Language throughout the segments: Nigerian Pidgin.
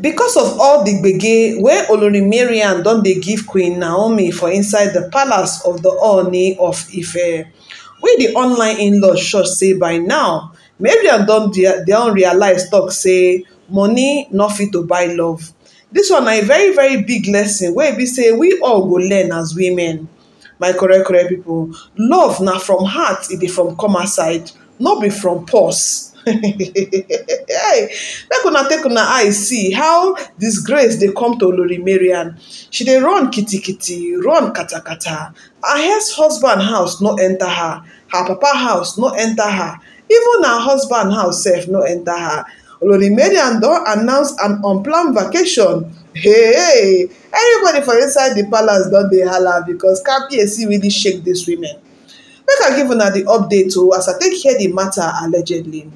Because of all the gbege wey Olori Mariam don dey give Queen Naomi for inside the palace of the Ooni of Ife, we the online in-laws sure say by now, Mariam don don realize talk say money no fit to buy love. This one na a very very big lesson wey be say we all go learn as women. My correct correct people. love na from heart e dey from come outside, no be from purse. hey make una take una eye see how dis grace dey come to olori marian she dey run kitikiti run katakata her ex husband house no enter her her papa house no enter her even her husband house sef no enter her olori marian don announce an unplanned vacation hey everybody for inside the palace don dey hala becos kpsc really shake dis women make i give una the update o as i take hear the matter allegedly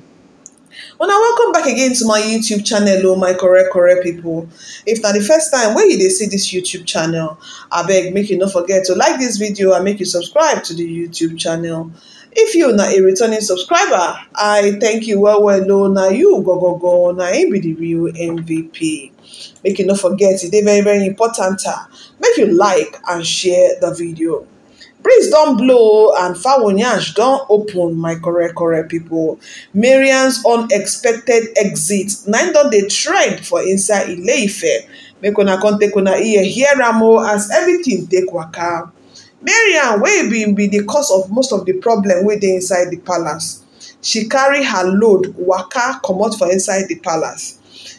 una welcome back again to my youtube channel o oh my correct correct people. if na the first time where you dey see this youtube channel I beg make you not forget to like this video and make you subscribe to the youtube channel if you na a returning subscriber i thank you well well o oh, na you go go go. na im be the real mvp make you not forget e dey very very important ah. make you like and share the video breeze don blow and fowl yansh don open my correct correct people. marians unexpected exit na im don dey trend for inside ileife make una come take una ear hear am o oh, as everything take waka marian wey bin be di cause of most of the problem wey dey inside the palace she carry her load waka comot for inside the palace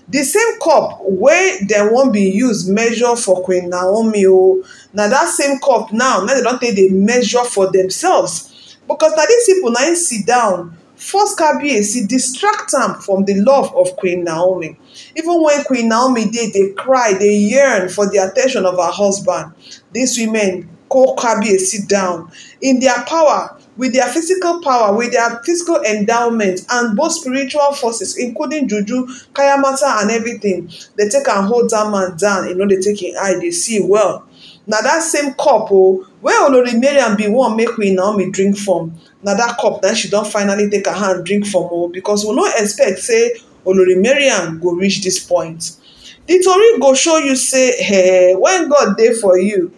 The same cup wey dem wan be use measure for queen naomi o na dat same cup now now dem don take dey measure for themselves because na dis people na im sit down force kabiyesi distract am from the love of queen naomi even when queen naomi dey dey cry dey yearn for di attention of her husband These women call kabiyesi down in their power with their physical power, with their physical endowment, and both spiritual forces, including juju, kayamata, and everything. They take and hold that man down. You know, they take in eye, they see well. now that same cup oh, where olori mariam bin wan make queen naomi drink from Now that cup then she don't finally take her hand drink from o oh, because we no expect say olori mariam go reach this point di tori go show you say hey, eh, when god there for you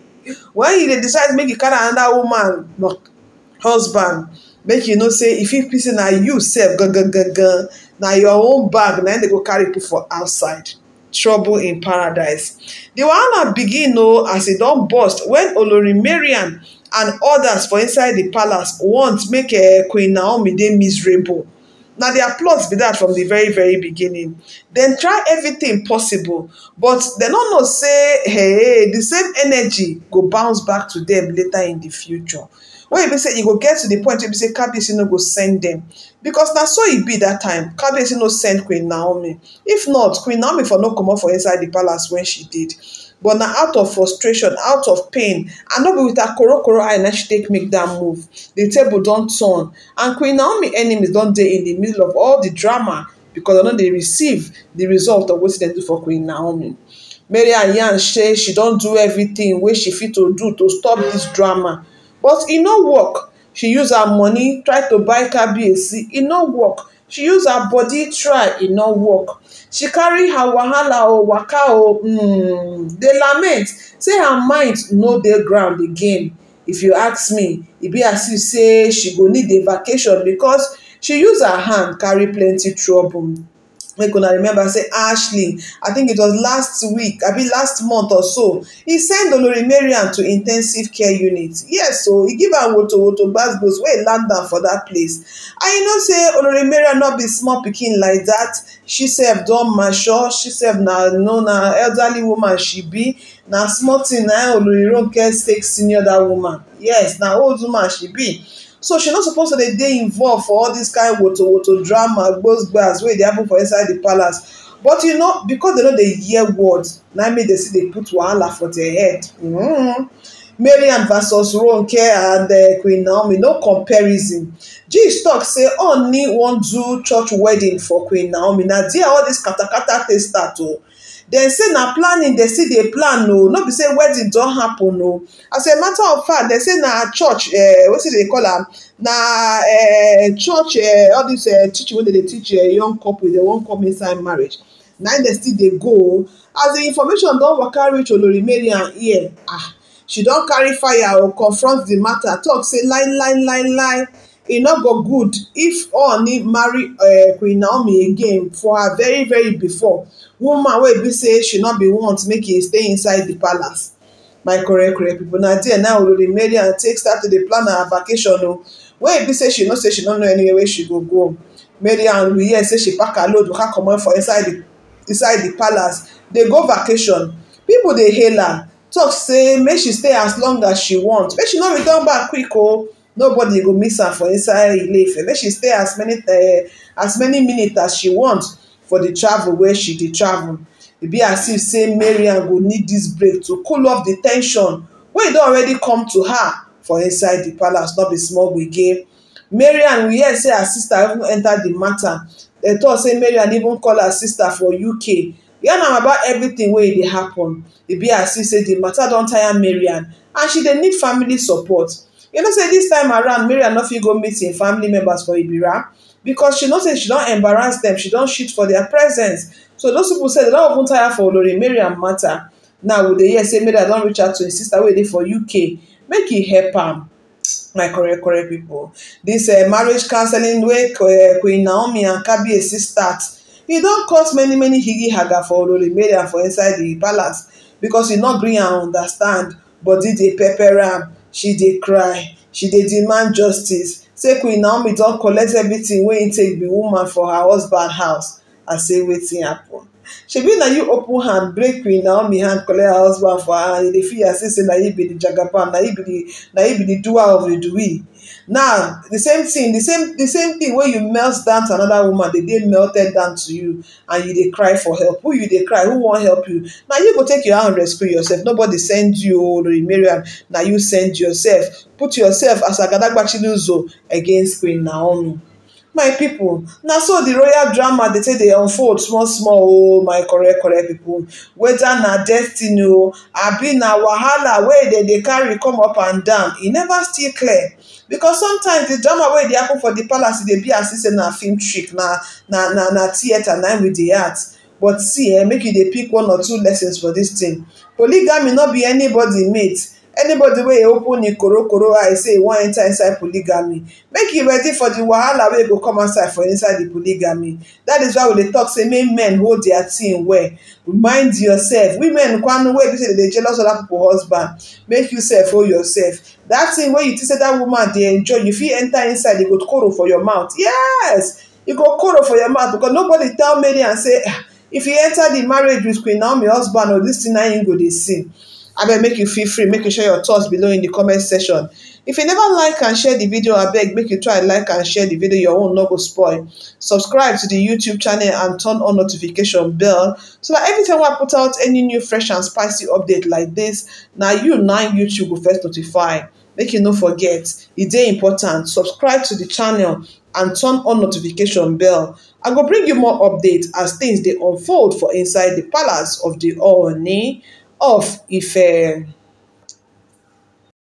when he decides make you carry anoda woman husband make you know say if fit be say na you sef gangan na your own bag na im dey go carry put for outside trouble in paradise The wahala begin o oh, as e don burst Olori Marian and others for inside the palace want make eh, queen naomi dey miserable na their plot be that from the very very beginning dem try everything possible but dem no know say hey The same energy go bounce back to them later in the future wey e be say e go get to the point wey be say kabiyesi no go send dem because na so e be that time kabiyesi no send queen naomi if not queen naomi for no comot for inside the palace when she did but na out of frustration out of pain and no be with her korokoro eye na she take make that move The table don turn and queen naomi enemies don dey in the middle of all the drama because I no dey receive the result of wetin dem do for queen naomi maryam yarn say she don do everything wey she fit to do to stop this drama but e no work she use her money try to buy kabiyesi e no work she use her body try e no work she carry her wahala or waka or mm, dey lament say her mind no dey ground again if you ask me e be as if say she go need a vacation because she use her hand carry plenty trouble make una remember say ashley i think it was last week i mean last month or so He send olori mariam to intensive care unit yes so he give her am wotowoto gbasgbos wey land am for dat place and you know say olori mariam no be small pikin like dat she sef don mature she sef na no na elderly woman she be na small tin na olori ronke take senior dat woman yes na old woman she be so she no suppose to dey dey involved for all this kind of woto woto drama gbas wey dey happen for inside the palace but you know because they no dey hear words na make they still dey put wahala for their head marian mm-hmm. versus ronke and uh, queen naomi no comparison gist tok say oni wan do church wedding for queen naomi na dia all this katakata take start o dem say na planning dem still dey plan o oh. no be say wedding don happen o oh. as a matter of fact dem say na church eh, wetin dey call am na eh, church eh, all dis teaching wey dem dey teach young couple dem wan come inside marriage na im dem still dey go o oh. as the information don waka reach olori mariam ear ah she don carry fire o confront the matter Talk say lie lie lie lie e no go good if oni marry eh, queen naomi again for her very very before woman wey be say she no be want make he stay inside the palace my correct correct people. na there now olori mariam take start to dey plan her vacation o oh. wey e be say she know say she no know anywhere wey she go go oh. mariam we hear say she pack her load waka comot for inside the inside the palace dey go vacation People dey hail her talk say make she stay as long as she want make she no return back quick o oh nobody go miss her for inside ileife make she stay as many eh, as many minutes as she want for the travel where she dey travel e be as if say marian go need this break to cool off the ten sion wey don already come to her for inside the palace no be small gbege marian we hear say her sister even enter the matter dem tok say marian even call her sister for uk yarn am about everything wey dey happen e be as if say the matter don tire marian and she dey need family support you know say this time around miriam no fit go meet im family members for ibira because she know say she don embarrass dem she don shit for their presence so those people say dem don open tire for olori miriam matter now we dey hear say miriam don reach out to im sister wey dey for uk make e help am my correct correct pipo dis eh, marriage counseling wey eh, queen naomi and kabiyesi start e don cause many many higi haga for olori miriam for inside di palace because e no gree am understand body e dey pepper am she dey cry she dey demand justice say queen naomi don collect everything wey im take be woman for her husband house i say wetin happen shebi na you open hand break queen naomi hand collect her husband for her hand you e dey feel as if say na you be the jagaban na you be the na you be the doer of the doing now the same thing the same the same thing wey you melt down to another woman dey dey melted down to you and you dey cry for help who you dey cry who wan help you na you go take your hand rescue yourself nobody send you oh, o lori mariam na you send yourself put yourself as agadagbachiluzo against queen naomi my people, na so the royal drama dey take dey unfold small small Oh my correct correct people. Whether na destiny o oh, abi na wahala wey dem dey carry come up and down e never still clear because sometimes the drama wey dey happen for the palace e dey be as if say na film trick na na na na theatre na im we dey act but see eh make you dey pick one or two lessons for this thing polygamy no be anybody mate anybody wey open e korokoro eye say e wan enter inside polygamy make e ready for di wahala wey go come outside for inside di polygamy dat is why we dey talk say make men hold dia thing well remind yourself women kwanu wey be say dey jealous other pipo husband make you sef hold yourself dat thing wey you think say dat woman dey enjoy you fit enter inside e go koro for your mouth yes e go koro for your mouth because nobody tell mary and say ah, if you enter di marriage with queen naomi husband or oh, dis thing na im go dey sin abeg make you feel free make you share your thoughts below in the comment section if you never like and share the video abeg make you try like and share the video your own no go spoil subscribe to the youtube channel and turn on notification bell so that every time i put out any new fresh and spicy update like this now you nine youtube will first notify make you no forget It's e dey important subscribe to the channel and turn on notification bell i go bring you more updates as things they unfold for inside the palace of the ooni off ife. Eh,